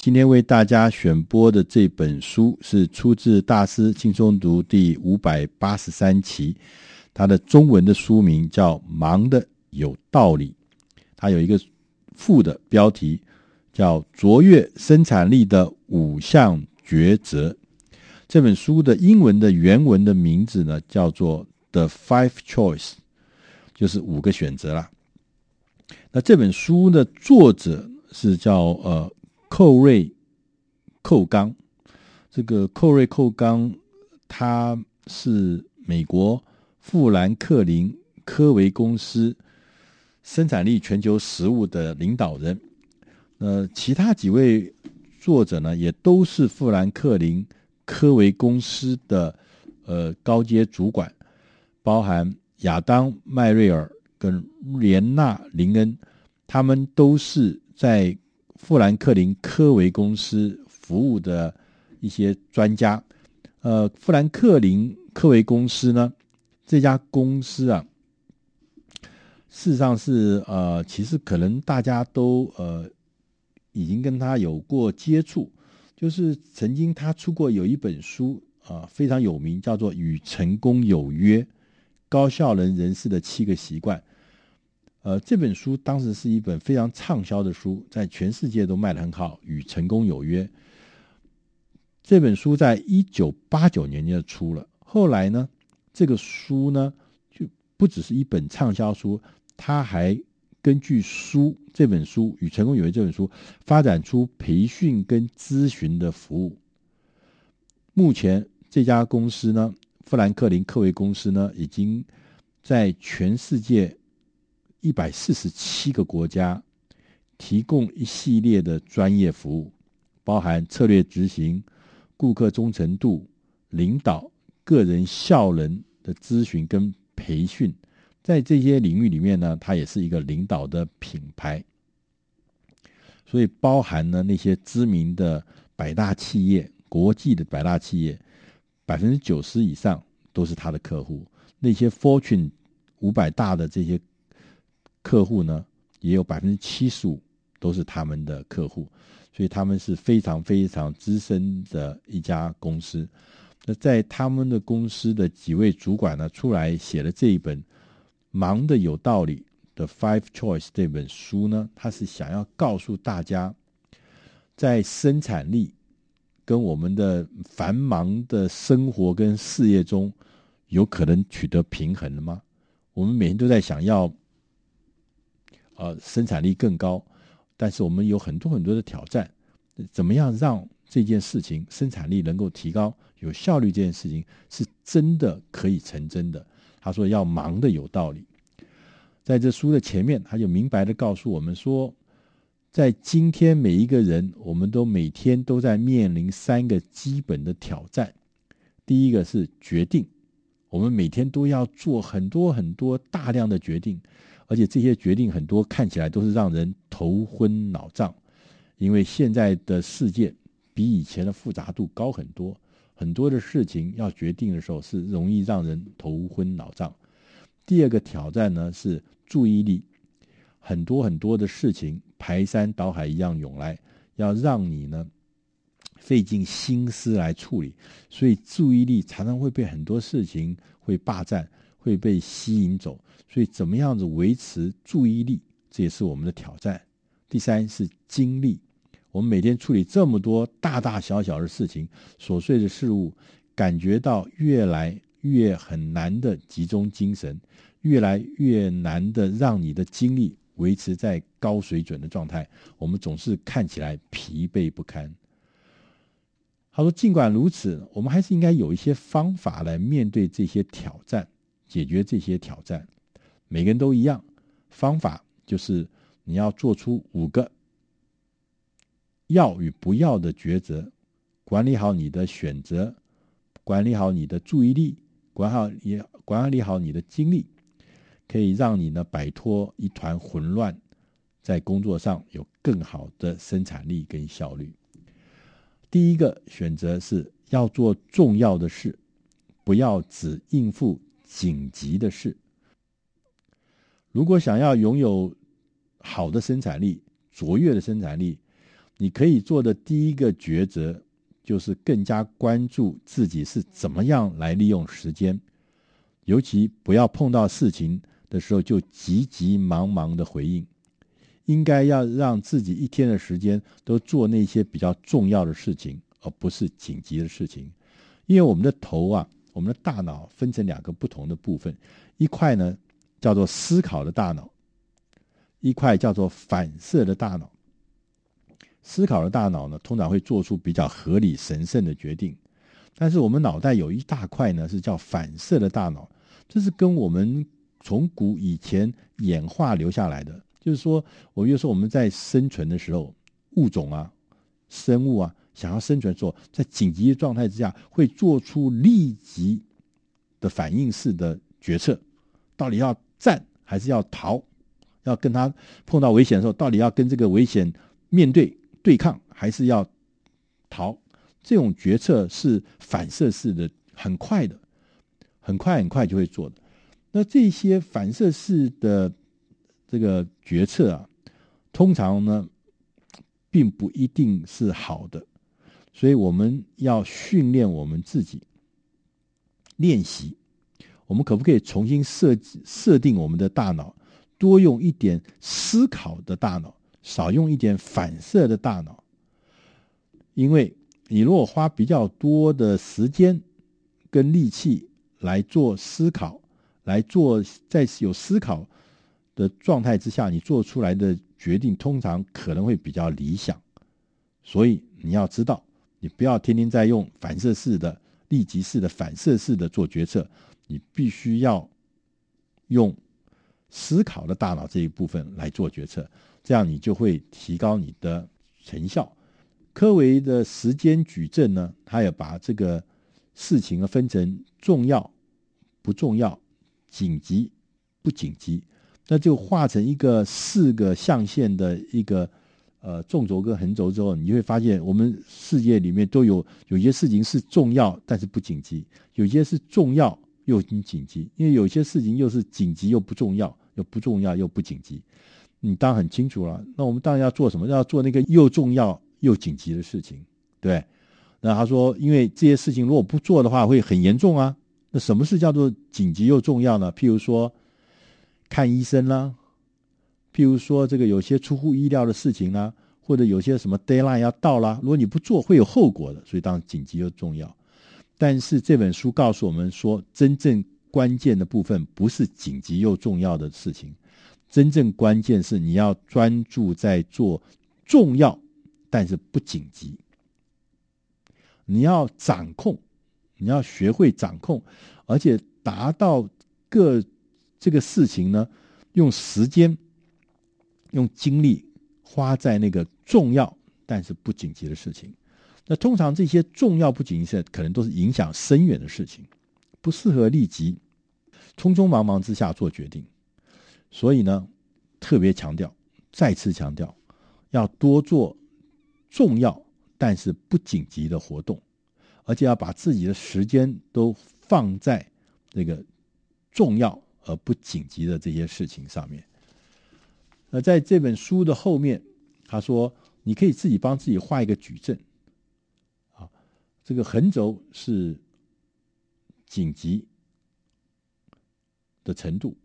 今天為大家選播的這本書是出自大師輕鬆讀第五百八十三期，它的中文的書名叫《忙得有道理》，它有一個副的標題叫《卓越生產力的五項抉擇》。這本書的英文的原文的名字呢，叫做《The Five Choice》，就是五個選擇啦。那這本書的作者是叫呃。寇瑞·寇剛，這個寇瑞·寇剛，他是美國富蘭克林·科維公司生產力全球實務的領導人。呃，其他幾位作者呢，也都是富蘭克林·科維公司的呃高階主管，包含亞當·麥瑞爾跟蓮娜林恩，他們都是在。富蘭克林科維公司服務的一些專家，呃，富蘭克林科維公司呢，這家公司啊，事實上是呃，其實可能大家都呃已經跟他有過接觸，就是曾經他出過有一本書啊，呃，非常有名，叫做《與成功有約》，高效能人，人士的七個習慣。呃，這本書當時是一本非常暢銷的書，在全世界都賣得很好，《與成功有約》這本書在一九八九年就出了。後來呢，這個書呢就不只是一本暢銷書，它還根據書這本書《與成功有約》這本書，發展出培訓跟諮詢的服務。目前這家公司呢，富蘭克林柯維公司呢，已經在全世界，一百四十七個國家提供一系列的專業服務，包含策略執行、顧客忠誠度、領導、個人效能的諮詢跟培訓。在這些領域裡面呢，它也是一個領導的品牌，所以包含呢那些知名的百大企業、國際的百大企業，百分之九十以上都是他的客戶。那些 Fortune 五百大的這些。客戶呢，也有百分之七十五都是他們的客戶，所以他們是非常非常資深的一家公司。那在他們的公司的幾位主管呢，出來寫了這一本《忙得有道理》的《The Five Choices》這本書呢，他是想要告訴大家，在生產力跟我們的繁忙的生活跟事業中，有可能取得平衡的嗎？我們每天都在想要。呃，生產力更高，但是我們有很多很多的挑戰。怎麼樣讓這件事情生產力能夠提高、有效率？這件事情是真的可以成真的。他說要忙的有道理，在這書的前面，他就明白的告訴我們說，在今天每一個人，我們都每天都在面臨三個基本的挑戰。第一個是決定，我們每天都要做很多很多大量的決定。而且這些決定很多看起來都是讓人頭昏腦脹，因為現在的世界比以前的複雜度高很多，很多的事情要決定的時候是容易讓人頭昏腦脹。第二個挑戰呢是注意力，很多很多的事情排山倒海一樣湧來，要讓你呢費盡心思來處理，所以注意力常常會被很多事情會霸佔。會被吸引走，所以怎麼樣子維持注意力，這也是我們的挑戰。第三是精力，我們每天處理這麼多大大小小的事情，瑣碎的事物，感覺到越來越很難的集中精神，越來越難的讓你的精力維持在高水準的狀態。我們總是看起來疲憊不堪。他說：“盡管如此，我們還是應該有一些方法來面對這些挑戰。”解決這些挑戰，每個人都一樣。方法就是你要做出五個要與不要的抉擇，管理好你的選擇，管理好你的注意力，管好也管理好你的精力，可以讓你呢，擺脫一團混亂，在工作上有更好的生產力跟效率。第一個選擇是要做重要的事，不要只應付，緊急的事，如果想要擁有好的生產力、卓越的生產力，你可以做的第一個抉擇就是更加關注自己是怎麼樣來利用時間。尤其不要碰到事情的時候就急急忙忙的回應，應該要讓自己一天的時間都做那些比較重要的事情，而不是緊急的事情，因為我們的頭啊。我們的大腦分成兩個不同的部分，一塊呢叫做思考的大腦，一塊叫做反射的大腦。思考的大腦呢，通常會做出比較合理、神聖的決定。但是我們腦袋有一大塊呢，是叫反射的大腦，這是跟我們從古以前演化留下來的。就是說，我比如說我們在生存的時候，物種啊，生物啊。想要生存的時候，在緊急的狀態之下會做出立即的反應式的決策，到底要戰還是要逃？要跟他碰到危險的時候，到底要跟這個危險面對對抗，還是要逃？這種決策是反射式的，很快的，很快很快就會做的。那這些反射式的這個決策啊，通常呢，並不一定是好的。所以我們要訓練我們自己，練習。我們可不可以重新設計設定我們的大腦，多用一點思考的大腦，少用一點反射的大腦？因為你如果花比較多的時間跟力氣來做思考，來做在有思考的狀態之下，你做出來的決定通常可能會比較理想。所以你要知道。你不要天天在用反射式的、立即式的、反射式的做決策，你必須要用思考的大腦這一部分來做決策，這樣你就會提高你的成效。科維的時間矩陣呢，他也把這個事情啊分成重要、不重要、緊急、不緊急，那就畫成一個四個象限的一個。呃，縱軸跟橫軸之後，你就會發現我們世界裡面都有有些事情是重要但是不緊急，有些是重要又緊急，因為有些事情又是緊急又不重要，又不重要又不緊急，你當然很清楚了。那我們當然要做什麼？要做那個又重要又緊急的事情，對。那他說，因為這些事情如果不做的話會很嚴重啊。那什麼事叫做緊急又重要呢？譬如說看醫生啦。比如說，這個有些出乎意料的事情呢、啊，或者有些什麼 deadline 要到了、啊，如果你不做，會有後果的。所以，當緊急又重要，但是這本書告訴我們說，真正關鍵的部分不是緊急又重要的事情，真正關鍵是你要專注在做重要，但是不緊急。你要掌控，你要學會掌控，而且達到各這個事情呢，用時間。用精力，花在那個重要但是不緊急的事情。那通常這些重要不緊急的事可能都是影響深遠的事情，不適合立即匆匆忙忙之下做決定。所以呢，特別強調，再次強調，要多做重要但是不緊急的活動，而且要把自己的時間都放在那個重要而不緊急的這些事情上面。那在這本書的後面，他說：“你可以自己幫自己畫一個矩陣，啊，這個橫軸是緊急的程度，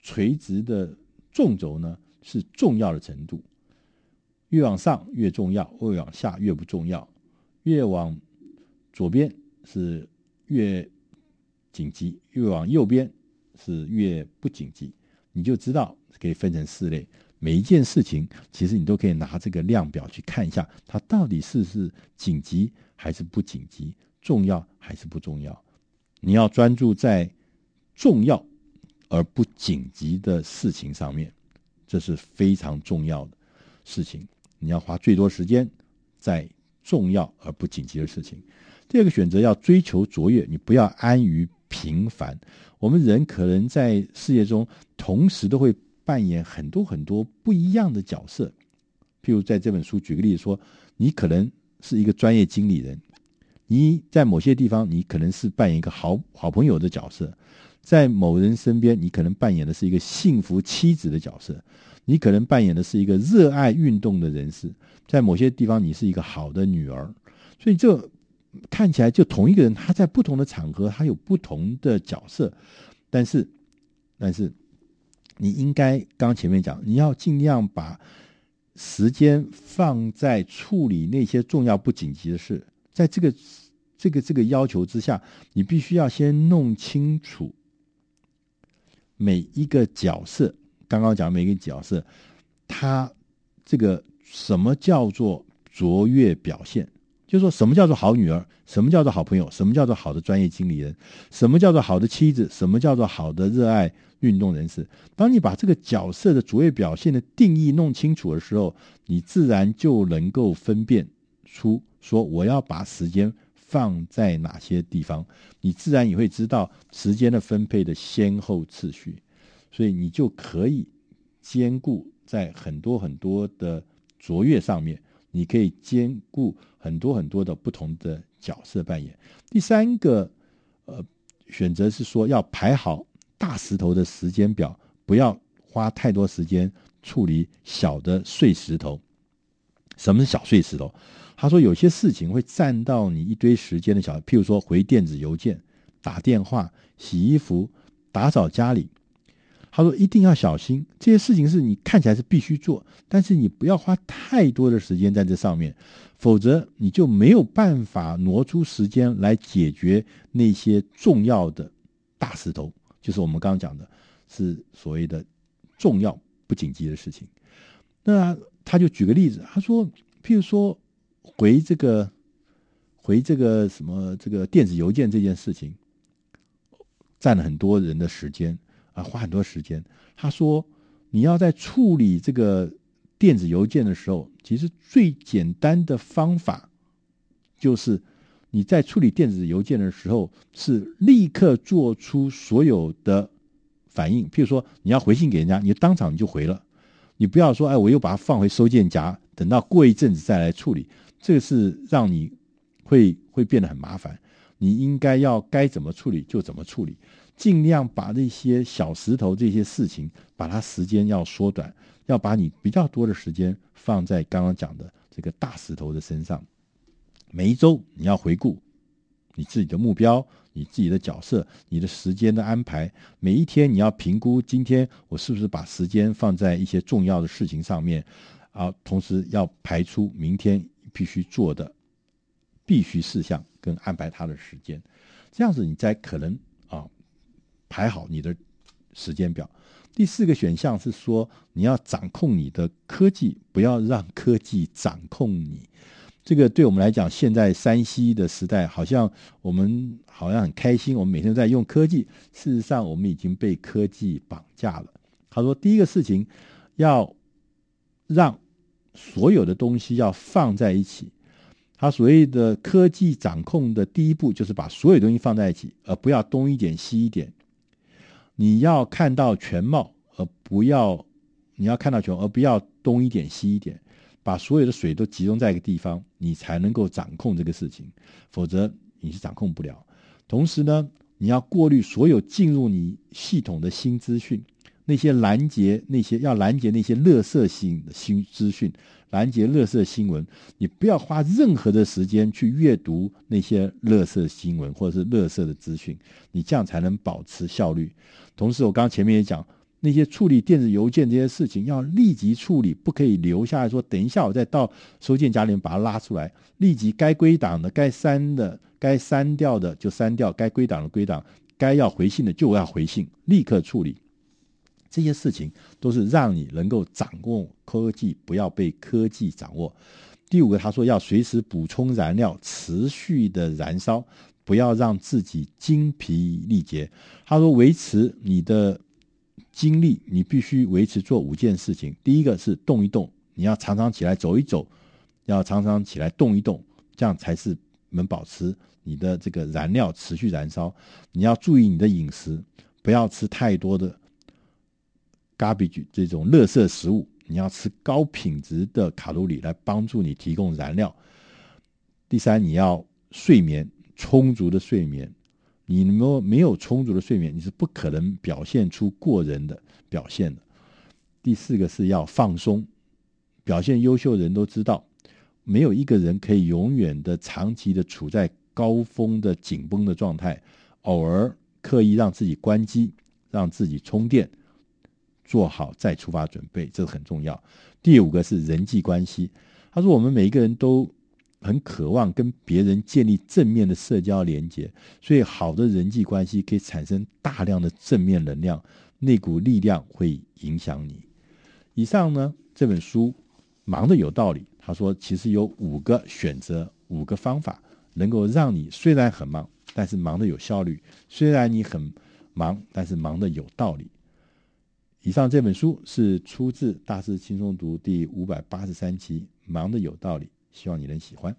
垂直的縱軸呢是重要的程度，越往上越重要，越往下越不重要，越往左邊是越緊急，越往右邊是越不緊急。”你就知道可以分成四類，每一件事情其實你都可以拿這個量表去看一下，它到底是是緊急還是不緊急，重要還是不重要。你要專注在重要而不緊急的事情上面，這是非常重要的事情。你要花最多時間在重要而不緊急的事情。第二個選擇要追求卓越，你不要安於。平凡，我們人可能在世界中同時都會扮演很多很多不一樣的角色。譬如在這本書，舉個例子說，你可能是一個專業經理人，你在某些地方你可能是扮演一個好好朋友的角色，在某人身邊你可能扮演的是一個幸福妻子的角色，你可能扮演的是一個熱愛運動的人士，在某些地方你是一個好的女兒，所以這。看起來就同一個人，他在不同的場合，他有不同的角色。但是，但是，你應該剛前面講，你要盡量把時間放在處理那些重要不緊急的事。在這個這個這個要求之下，你必須要先弄清楚每一個角色。剛剛講每一個角色，他這個什麼叫做卓越表現？就是說什麼叫做好女兒，什麼叫做好朋友，什麼叫做好的專業經理人，什麼叫做好的妻子，什麼叫做好的熱愛運動人士。當你把這個角色的卓越表現的定義弄清楚的時候，你自然就能夠分辨出說我要把時間放在哪些地方，你自然也會知道時間的分配的先後次序，所以你就可以兼顧在很多很多的卓越上面。你可以兼顧很多很多的不同的角色扮演。第三個，呃，選擇是說要排好大石頭的時間表，不要花太多時間處理小的碎石頭。什麼是小碎石頭？他說有些事情會占到你一堆時間的小，譬如說回電子郵件、打電話、洗衣服、打掃家裡。他說：“一定要小心，這些事情是你看起來是必須做，但是你不要花太多的時間在這上面，否則你就沒有辦法挪出時間來解決那些重要的大石頭，就是我們剛講的，是所謂的重要不緊急的事情。”那他就舉個例子，他說：“譬如說，回這個，回這個什麼這個電子郵件這件事情，占了很多人的時間。”啊，花很多時間。他說，你要在處理這個電子郵件的時候，其實最簡單的方法就是你在處理電子郵件的時候，是立刻做出所有的反應。譬如說，你要回信給人家，你當場你就回了，你不要說，哎，我又把它放回收件夾，等到過一陣子再來處理。這個是讓你會會變得很麻煩。你應該要該怎麼處理就怎麼處理，儘量把那些小石頭這些事情，把它時間要縮短，要把你比較多的時間放在剛剛講的這個大石頭的身上。每一周你要回顧你自己的目標、你自己的角色、你的時間的安排。每一天你要評估今天我是不是把時間放在一些重要的事情上面，啊，同時要排出明天必須做的。必須事項跟安排他的時間，這樣子你才可能啊排好你的時間表。第四個選項是說你要掌控你的科技，不要讓科技掌控你。這個對我們來講，現在 3C 的時代，好像我們好像很開心，我們每天在用科技。事實上，我們已經被科技綁架了。他說，第一個事情要讓所有的東西要放在一起。他所謂的科技掌控的第一步，就是把所有東西放在一起，而不要東一點西一點。你要看到全貌，而不要你要看到全而不要東一點西一點，把所有的水都集中在一個地方，你才能夠掌控這個事情，否則你是掌控不了。同時呢，你要過濾所有進入你系統的新資訊。那些攔截，截那些要攔截那些垃圾信信資訊，攔截垃圾新聞，你不要花任何的時間去閱讀那些垃圾新聞或者是垃圾的資訊，你這樣才能保持效率。同時，我剛前面也講，那些處理電子郵件這些事情，要立即處理，不可以留下來說等一下我再到收件夾裡面把它拉出來。立即該歸檔的、該刪的、該刪掉的就刪掉，該歸檔的歸檔，該要回信的就要回信，立刻處理。這些事情都是讓你能夠掌握科技，不要被科技掌握。第五個，他說要隨時補充燃料，持續的燃燒，不要讓自己精疲力竭。他說維持你的精力，你必須維持做五件事情。第一個是動一動，你要常常起來走一走，要常常起來動一動，這樣才是能保持你的這個燃料持續燃燒。你要注意你的飲食，不要吃太多的。garbage 這種垃圾食物，你要吃高品質的卡路里來幫助你提供燃料。第三，你要睡眠，充足的睡眠，你沒有沒有充足的睡眠，你是不可能表現出過人的表現的。第四個是要放鬆，表現優秀的人都知道，沒有一個人可以永遠的長期的處在高峰的緊繃的狀態，偶爾刻意讓自己關機，讓自己充電。做好再出發準備，這個很重要。第五個是人際關係。他說，我們每一個人都很渴望跟別人建立正面的社交連接，所以好的人際關係可以產生大量的正面能量。那股力量會影響你。以上呢，這本書忙得有道理。他說，其實有五個選擇，五個方法能夠讓你雖然很忙，但是忙得有效率；雖然你很忙，但是忙得有道理。以上這本書是出自《大師輕鬆讀》第五百八十三集，《忙得有道理》，希望你能喜歡。